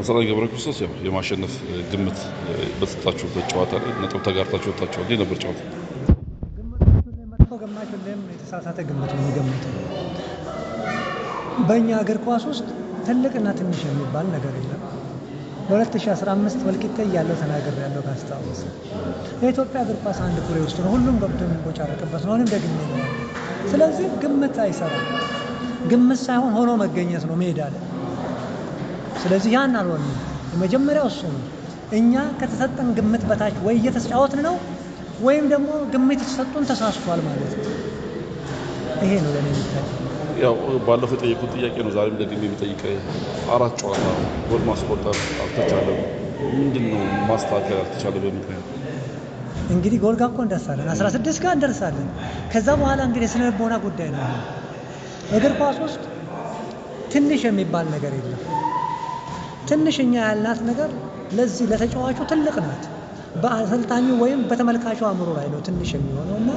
አሰልጣኝ ገብረ ክርስቶስ ያው የማሸነፍ ግምት በተሰጣችሁበት ጨዋታ ላይ ነጥብ ተጋርታችሁ ወጥታችኋል። የነበር ጨዋታ ግማሽ ሁሌም የተሳሳተ ግምት ነው የሚገምተው። በእኛ እግር ኳስ ውስጥ ትልቅና ትንሽ የሚባል ነገር የለም። በ2015 ወልቂጤ እያለሁ ያለው ካስታወስ የኢትዮጵያ እግር ኳስ አንድ ኩሬ ውስጥ ነው። ሁሉም ገብቶ የሚቦጫረቅበት ነው። አሁንም ደግሜ ነው። ስለዚህ ግምት አይሰራም። ግምት ሳይሆን ሆኖ መገኘት ነው ሜዳ ላይ ስለዚህ ያን አልሆንም። የመጀመሪያው እሱ ነው። እኛ ከተሰጠን ግምት በታች ወይ እየተጫወትን ነው ወይም ደግሞ ግምት የተሰጡን ተሳስቷል ማለት ነው። ይሄ ነው ለእኔ የሚታይ። ያው ባለፈው የጠየቁት ጥያቄ ነው። ዛሬም ደግሞ የሚጠይቀ አራት ጨዋታ ጎል ማስቆጠር አልተቻለም። ምንድን ነው ማስተካከል አልተቻለ በምክንያት እንግዲህ ጎል ጋር እኮ እንደርሳለን፣ 16 ጋር እንደርሳለን። ከዛ በኋላ እንግዲህ የስነ ልቦና ጉዳይ ነው። እግር ኳስ ውስጥ ትንሽ የሚባል ነገር የለም። ትንሽኛ ያልናት ነገር ለዚህ ለተጫዋቹ ትልቅ ናት። በአሰልጣኙ ወይም በተመልካቹ አእምሮ ላይ ነው ትንሽ የሚሆነው እና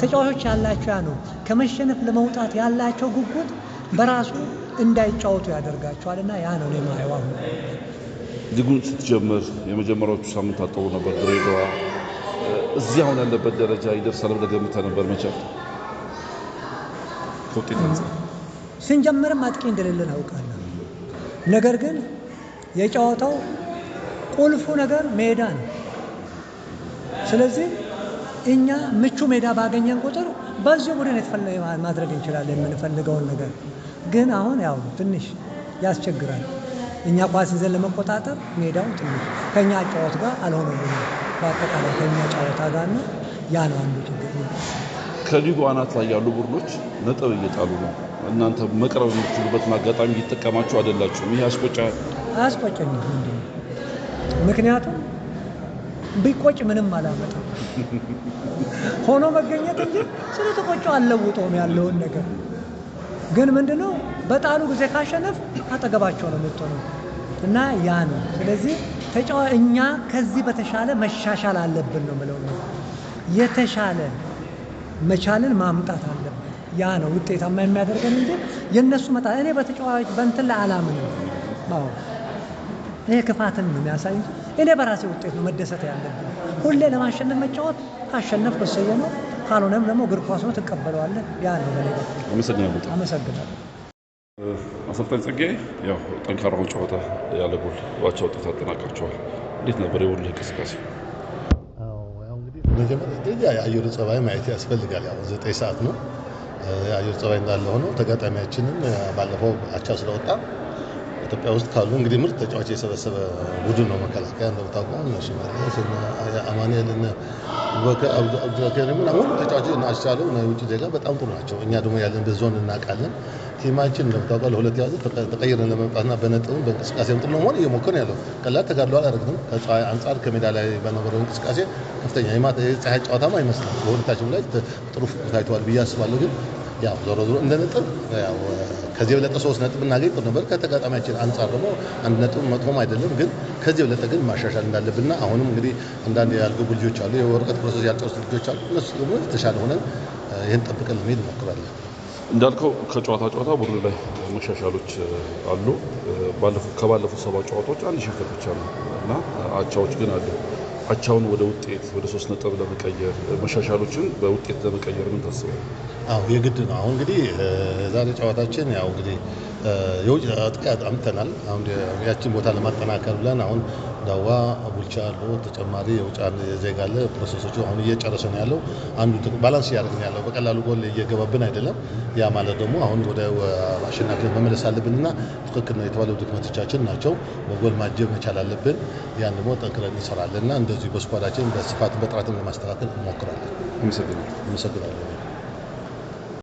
ተጫዋቾች ያላቸው ያ ነው። ከመሸነፍ ለመውጣት ያላቸው ጉጉት በራሱ እንዳይጫወቱ ያደርጋቸዋል እና ያ ነው ኔማ ይዋ ሊጉን ስትጀምር የመጀመሪያዎቹ ሳምንት አጠቡ ነበር። ድሬዳዋ እዚህ አሁን ያለበት ደረጃ ይደርሳል ብለህ ገምተህ ነበር? መቼ ስንጀምርም አጥቂ እንደሌለን አውቃለሁ ነገር ግን የጨዋታው ቁልፉ ነገር ሜዳ ነው። ስለዚህ እኛ ምቹ ሜዳ ባገኘን ቁጥር በዚሁ ቡድን የተፈለ ማድረግ እንችላለን የምንፈልገውን ነገር። ግን አሁን ያው ትንሽ ያስቸግራል። እኛ ኳስ ይዘን ለመቆጣጠር ሜዳው ትንሽ ከእኛ ጨዋት ጋር አልሆነም። በአጠቃላይ ከእኛ ጨዋታ ጋር ነው። ያ ነው አንዱ ችግር። ከሊጉ አናት ላይ ያሉ ቡድኖች ነጥብ እየጣሉ ነው። እናንተ መቅረብ የምትችሉበትን አጋጣሚ እየተጠቀማችሁ አይደላችሁም። ይህ ያስቆጫል። አያስቆጨኝ። ምክንያቱም ቢቆጭ ምንም አላመጣም ሆኖ መገኘት እንጂ ስለ ተቆጮ አልለውጠውም። ያለውን ነገር ግን ምንድነው በጣሉ ጊዜ ካሸነፍ አጠገባቸው ነው የምትሆነው እና ያ ነው። ስለዚህ ተጫዋ እኛ ከዚህ በተሻለ መሻሻል አለብን ነው ምለው ነው የተሻለ መቻልን ማምጣት አለብን። ያ ነው ውጤታማ የሚያደርገን እንጂ የእነሱ መጣ እኔ በተጫዋች በንትን ላይ አላምንም። ይሄ ክፋትን ነው የሚያሳይ እኔ በራሴ ውጤት ነው መደሰት ያለብን። ሁሌ ለማሸነፍ መጫወት ካሸነፍ እሰየ ነው፣ ካልሆነም ደግሞ እግር ኳስ ነው ትቀበለዋለህ። ያ ነው በላይ አመሰግናለሁ። አመሰግናለሁ። አሰልጣኝ ጽጌ፣ ያው ጠንካራውን ጨዋታ ያለ ጎል ባቻ ውጤት አጠናቃቸዋል። እንዴት ነበር የቡድን እንቅስቃሴ? መጀመሪያ የአየሩ ጸባይ ማየት ያስፈልጋል። ያው ዘጠኝ ሰዓት ነው የአየሩ ጸባይ እንዳለ ሆኖ ተጋጣሚያችንም ባለፈው አቻ ስለወጣ ኢትዮጵያ ውስጥ ካሉ እንግዲህ ምርጥ ተጫዋች የሰበሰበ ቡድን ነው መከላከያ እንደምታውቀው ሽመለስ አማኑኤል አብዱልከሪም ሁሉ ተጫዋች አስቻለው እና የውጭ ዜጋ በጣም ጥሩ ናቸው። እኛ ደግሞ ያለን በዞን እናውቃለን። ቲማችን እንደምታውቀው ለሁለት ያዙ ተቀይረን ለመምጣትና በነጥብም በእንቅስቃሴም ጥሩ ለመሆን እየሞከር ያለው ቀላል ተጋድሎ አላደረግንም። ከፀሐይ አንጻር ከሜዳ ላይ በነበረው እንቅስቃሴ ከፍተኛ የፀሐይ ጨዋታም አይመስልም። በሁለታችን ላይ ጥሩ ታይተዋል ብዬ አስባለሁ ግን ያው ዞሮ ዞሮ እንደ ነጥብ ያው ከዚህ የበለጠ ሶስት ነጥብ እናገኝ ጥሩ ነበር። ከተጋጣሚያችን አንጻር ደግሞ አንድ ነጥብ መጥፎም አይደለም፣ ግን ከዚህ የበለጠ ግን ማሻሻል እንዳለብንና አሁንም እንግዲህ አንዳንድ ያልገቡ ልጆች አሉ፣ የወረቀት ፕሮሰስ ያልጨረሱ ልጆች አሉ። እነሱ ደግሞ የተሻለ ሆነን ይህን ጠብቀን ልንሄድ እንሞክራለን። እንዳልከው ከጨዋታ ጨዋታ ቡድኑ ላይ መሻሻሎች አሉ። ከባለፉት ሰባት ጨዋታዎች አንድ ሽንፈት ብቻ ነው እና አቻዎች ግን አሉ። አቻውን ወደ ውጤት ወደ ሶስት ነጥብ ለመቀየር መሻሻሎችን በውጤት ለመቀየር ምን ታስባል? አዎ የግድ ነው። አሁን እንግዲህ ዛሬ ጨዋታችን ያው እንግዲህ የውጭ አምተናል። አሁን ያችን ቦታ ለማጠናከር ብለን አሁን ዳዋ ቡልቻ አሉ ተጨማሪ የውጭ ዜጋ አለ። ፕሮሰሶቹ አሁን እየጨረሰ ነው ያለው። አንዱ ባላንስ እያደረግን ያለው በቀላሉ ጎል እየገባብን አይደለም። ያ ማለት ደግሞ አሁን ወደ አሸናፊነት መመለስ አለብን እና ትክክል ነው የተባለው ድክመቶቻችን ናቸው። በጎል ማጀብ መቻል አለብን። ያን ደግሞ ጠንክረን እንሰራለን እና እንደዚሁ በስኳዳችን በስፋት በጥራትም ለማስተካከል እንሞክራለን። አመሰግናለሁ።